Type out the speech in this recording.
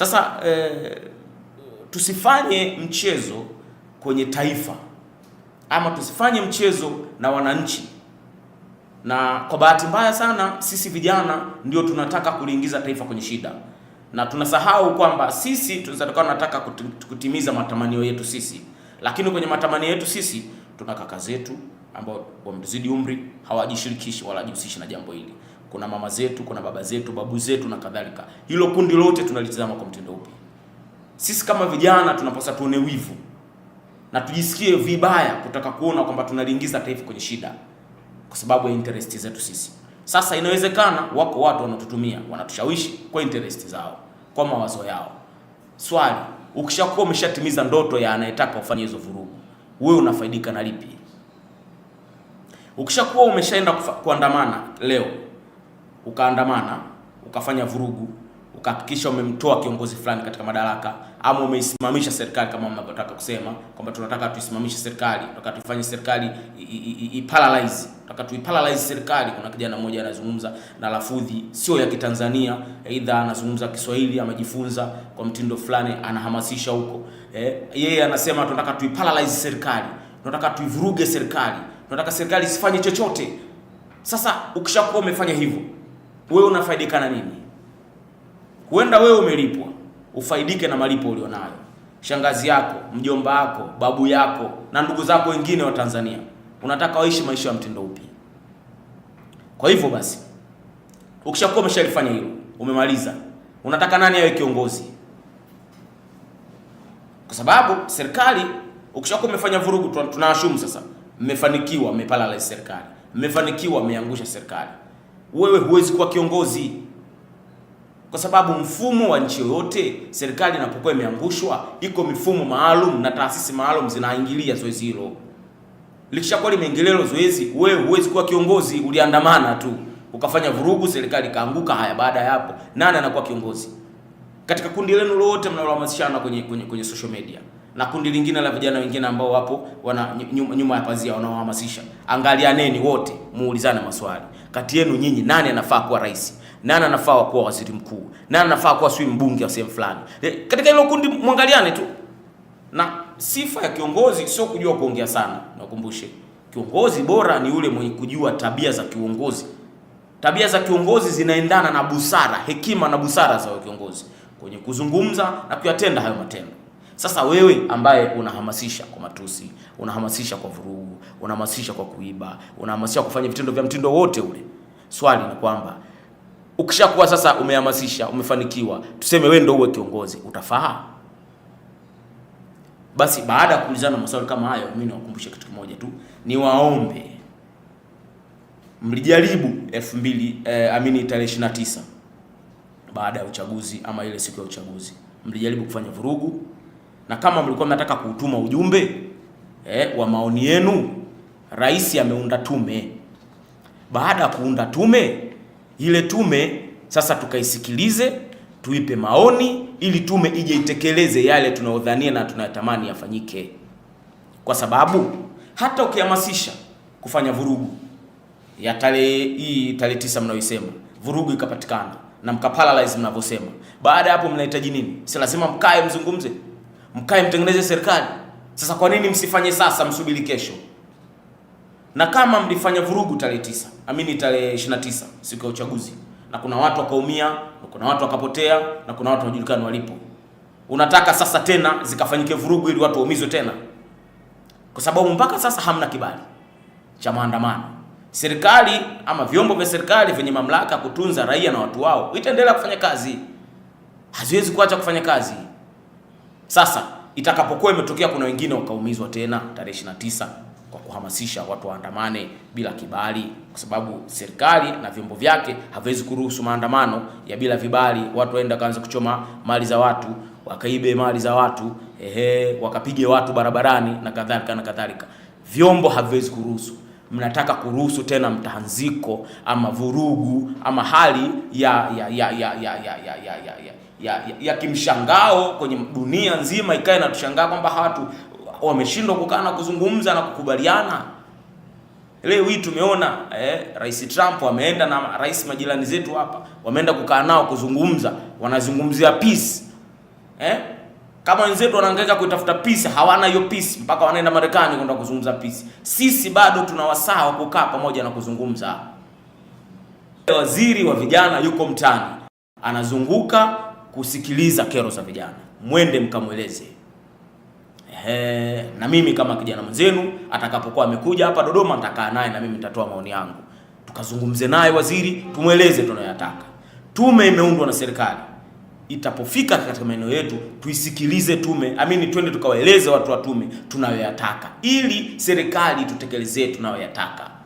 Sasa e, tusifanye mchezo kwenye taifa ama tusifanye mchezo na wananchi, na kwa bahati mbaya sana sisi vijana ndio tunataka kuliingiza taifa kwenye shida na tunasahau kwamba sisi tunataka nataka kutimiza matamanio yetu sisi, lakini kwenye matamanio yetu sisi tuna kaka zetu ambao wamezidi umri hawajishirikishi wala hajihusishi na jambo hili kuna mama zetu, kuna baba zetu, babu zetu na kadhalika. Hilo kundi lote tunalitazama kwa mtindo upi? Sisi kama vijana tunapaswa tuone wivu na tujisikie vibaya kutaka kuona kwamba tunaliingiza taifa kwenye shida kwa sababu ya interest zetu sisi. Sasa inawezekana wako watu wanatutumia, wanatushawishi kwa interest zao, kwa mawazo yao. Swali, ukishakuwa umeshatimiza ndoto ya anayetaka ufanye hizo vurugu, wewe unafaidika na lipi? Ukishakuwa umeshaenda kuandamana leo ukaandamana, ukafanya vurugu, ukahakikisha umemtoa kiongozi fulani katika madaraka, ama umeisimamisha serikali, kama mnavyotaka kusema kwamba tunataka tuisimamishe serikali, tunataka tuifanye serikali iparalyze, tunataka tuiparalyze serikali. Kuna kijana mmoja anazungumza na lafudhi sio ya Kitanzania, aidha anazungumza Kiswahili, amejifunza kwa mtindo fulani, anahamasisha huko eh, yeye anasema tunataka tuiparalyze serikali, tunataka tuivuruge serikali, tunataka serikali isifanye chochote. Sasa ukishakuwa umefanya hivyo wewe unafaidika na nini? Huenda wewe umelipwa, ufaidike na malipo ulionayo, shangazi yako, mjomba wako, babu yako na ndugu zako wengine wa Tanzania. Unataka waishi maisha ya mtindo upi? Kwa hivyo basi, ukishakuwa umeshalifanya hilo, umemaliza, unataka nani awe kiongozi? Kwa sababu serikali, ukishakuwa umefanya vurugu, tunaashumu sasa mmefanikiwa, mmepala la serikali, mmefanikiwa, mmeangusha serikali wewe huwezi kuwa kiongozi, kwa sababu mfumo wa nchi yoyote, serikali inapokuwa imeangushwa, iko mifumo maalum na taasisi maalum zinaingilia zoezi hilo. Likishakuwa limeingiliwa zoezi, wewe huwezi kuwa kiongozi. Uliandamana tu ukafanya vurugu, serikali ikaanguka. Haya, baada ya hapo nani anakuwa kiongozi? Katika kundi lenu lote mnalohamasishana kwenye, kwenye, kwenye social media na kundi lingine la vijana wengine ambao wapo wana nyuma, nyuma ya pazia wanaohamasisha. Angalianeni wote, muulizane maswali kati yenu nyinyi, nani anafaa kuwa rais, nani anafaa kuwa waziri mkuu, nani anafaa kuwa sijui mbunge wa sehemu fulani. E, katika hilo kundi mwangaliane tu, na sifa ya kiongozi sio kujua kuongea sana. Nakumbushe, kiongozi bora ni yule mwenye kujua tabia za kiongozi. Tabia za kiongozi zinaendana na busara, hekima na busara za kiongozi kwenye kuzungumza na kuyatenda hayo matendo. Sasa wewe ambaye unahamasisha kwa matusi, unahamasisha kwa vurugu, unahamasisha kwa kuiba, unahamasisha kufanya vitendo vya mtindo wote ule, swali ni kwamba ukishakuwa sasa umehamasisha, umefanikiwa, tuseme wewe ndio uwe kiongozi, utafaa? Basi baada ya kuulizana maswali kama hayo, mimi niwakumbushe kitu kimoja tu, niwaombe mlijaribu elfu mbili eh, amini tarehe 29 baada ya uchaguzi ama ile siku ya uchaguzi, mlijaribu kufanya vurugu na kama mlikuwa mnataka kuutuma ujumbe eh, wa maoni yenu, rais ameunda tume. Baada ya kuunda tume, ile tume sasa tukaisikilize, tuipe maoni, ili tume ije itekeleze yale tunayodhania na tunayotamani yafanyike, kwa sababu hata ukihamasisha kufanya vurugu ya tarehe hii tarehe tisa mnayoisema, vurugu ikapatikana na mkaparalyze mnavyosema, baada ya hapo mnahitaji nini? Si lazima mkae mzungumze mkae mtengeneze serikali. Sasa kwa nini msifanye sasa, msubiri kesho? Na kama mlifanya vurugu tarehe tisa, amini tarehe 29 siku ya uchaguzi, na kuna watu wakaumia, na kuna watu wakapotea, na kuna watu hawajulikani walipo, unataka sasa tena zikafanyike vurugu ili watu waumizwe tena? Kwa sababu mpaka sasa hamna kibali cha maandamano. Serikali ama vyombo vya serikali vyenye mamlaka kutunza raia na watu wao itaendelea kufanya kazi, haziwezi kuacha kufanya kazi. Sasa itakapokuwa imetokea kuna wengine wakaumizwa tena tarehe 29 kwa kuhamasisha watu waandamane bila kibali, kwa sababu serikali na vyombo vyake haviwezi kuruhusu maandamano ya bila vibali, watu waenda kaanza kuchoma mali za watu, wakaibe mali za watu, ehe, wakapige watu barabarani na kadhalika na kadhalika. Vyombo haviwezi kuruhusu. Mnataka kuruhusu tena mtahanziko ama vurugu ama hali ya ya ya ya ya ya ya ya ya ya, ya, ya kimshangao kwenye dunia nzima ikae natushangaa kwamba watu wameshindwa kukaa na kuzungumza na kukubaliana. Leo hii tumeona eh, Rais Trump ameenda na rais majirani zetu hapa, wameenda kukaa nao kuzungumza, wanazungumzia peace eh? Kama wenzetu wanahangaika kuitafuta peace, hawana hiyo peace mpaka wanaenda Marekani kwenda kuzungumza peace. Sisi bado tuna wasaa wa kukaa pamoja na kuzungumza. Waziri wa vijana yuko mtaani anazunguka kusikiliza kero za vijana, mwende mkamweleze. Ehe, na mimi kama kijana mwenzenu atakapokuwa amekuja hapa Dodoma nitakaa naye na mimi nitatoa maoni yangu, tukazungumze naye waziri, tumweleze tunayoyataka. Tume imeundwa na serikali, itapofika katika maeneo yetu tuisikilize tume, amini, twende tukawaeleze watu wa tume tunayoyataka, ili serikali tutekelezee tunayoyataka.